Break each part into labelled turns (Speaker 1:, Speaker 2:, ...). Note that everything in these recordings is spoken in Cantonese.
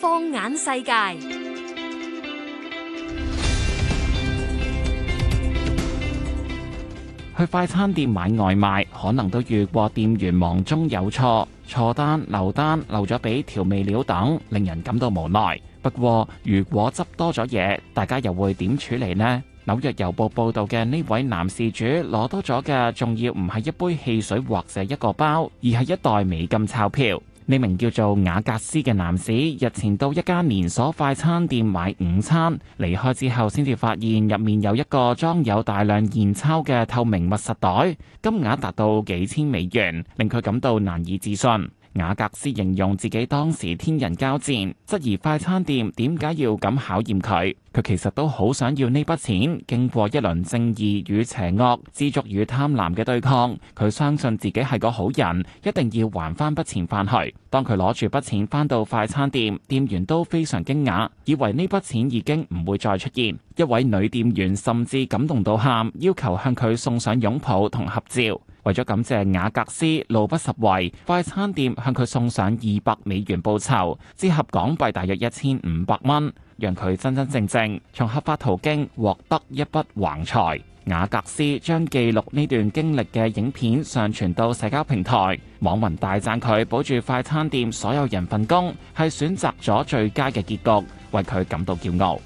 Speaker 1: 放眼世界，去快餐店買外賣，可能都遇過店員忙中有錯，錯單、漏單、漏咗俾調味料等，令人感到無奈。不過，如果執多咗嘢，大家又會點處理呢？紐約郵報報導嘅呢位男事主攞多咗嘅，仲要唔係一杯汽水或者一個包，而係一袋美金鈔票。呢名叫做雅格斯嘅男士日前到一間連鎖快餐店買午餐，離開之後先至發現入面有一個裝有大量現鈔嘅透明密實袋，金額達到幾千美元，令佢感到難以置信。雅格斯形容自己當時天人交戰，質疑快餐店點解要咁考驗佢。佢其實都好想要呢筆錢，經過一輪正義與邪惡、知足與貪婪嘅對抗，佢相信自己係個好人，一定要還翻筆錢翻去。當佢攞住筆錢返到快餐店，店員都非常驚訝，以為呢筆錢已經唔會再出現。一位女店員甚至感動到喊，要求向佢送上擁抱同合照。為咗感謝雅格斯路不拾遺，快餐店向佢送上二百美元報酬，折合港幣大約一千五百蚊。讓佢真真正正從合法途徑獲得一筆橫財。雅格斯將記錄呢段經歷嘅影片上傳到社交平台，網民大讚佢保住快餐店所有人份工，係選擇咗最佳嘅結局，為佢感到驕傲。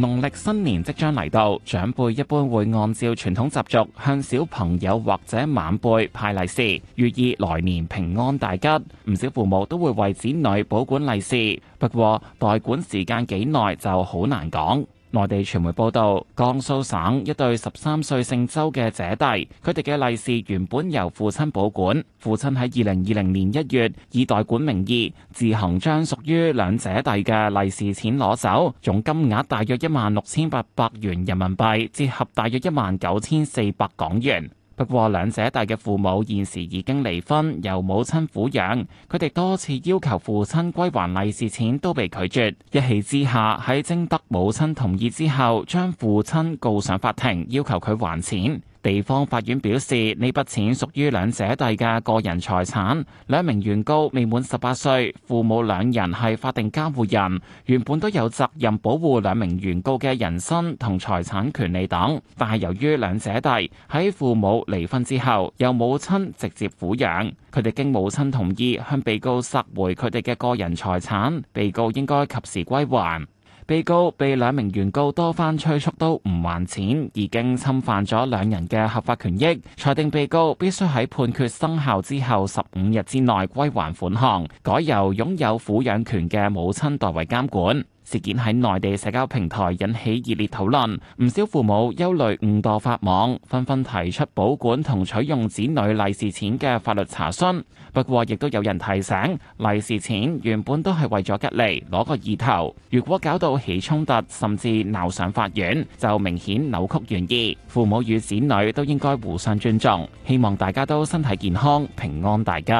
Speaker 1: 農曆新年即將嚟到，長輩一般會按照傳統習俗向小朋友或者晚輩派利是，寓意來年平安大吉。唔少父母都會為子女保管利是，不過代管時間幾耐就好難講。內地傳媒報道，江蘇省一對十三歲姓周嘅姐弟，佢哋嘅利是原本由父親保管，父親喺二零二零年一月以代管名義自行將屬於兩姐弟嘅利是錢攞走，總金額大約一萬六千八百元人民幣，折合大約一萬九千四百港元。不過，兩者大嘅父母現時已經離婚，由母親撫養。佢哋多次要求父親歸還利是錢都被拒絕，一氣之下喺徵得母親同意之後，將父親告上法庭，要求佢還錢。地方法院表示，呢筆錢屬於兩姐弟嘅個人財產，兩名原告未滿十八歲，父母兩人係法定監護人，原本都有責任保護兩名原告嘅人身同財產權利等。但係由於兩姐弟喺父母離婚之後，由母親直接撫養，佢哋經母親同意向被告索回佢哋嘅個人財產，被告應該及時歸還。被告被兩名原告多番催促都唔還錢，已經侵犯咗兩人嘅合法權益。裁定被告必須喺判決生效之後十五日之內歸還款項，改由擁有撫養權嘅母親代為監管。事件喺內地社交平台引起熱烈討論，唔少父母憂慮誤墮法網，紛紛提出保管同取用子女利是錢嘅法律查詢。不過，亦都有人提醒，利是錢原本都係為咗吉利，攞個意頭。如果搞到起衝突，甚至鬧上法院，就明顯扭曲原意。父母與子女都應該互相尊重，希望大家都身體健康，平安大吉。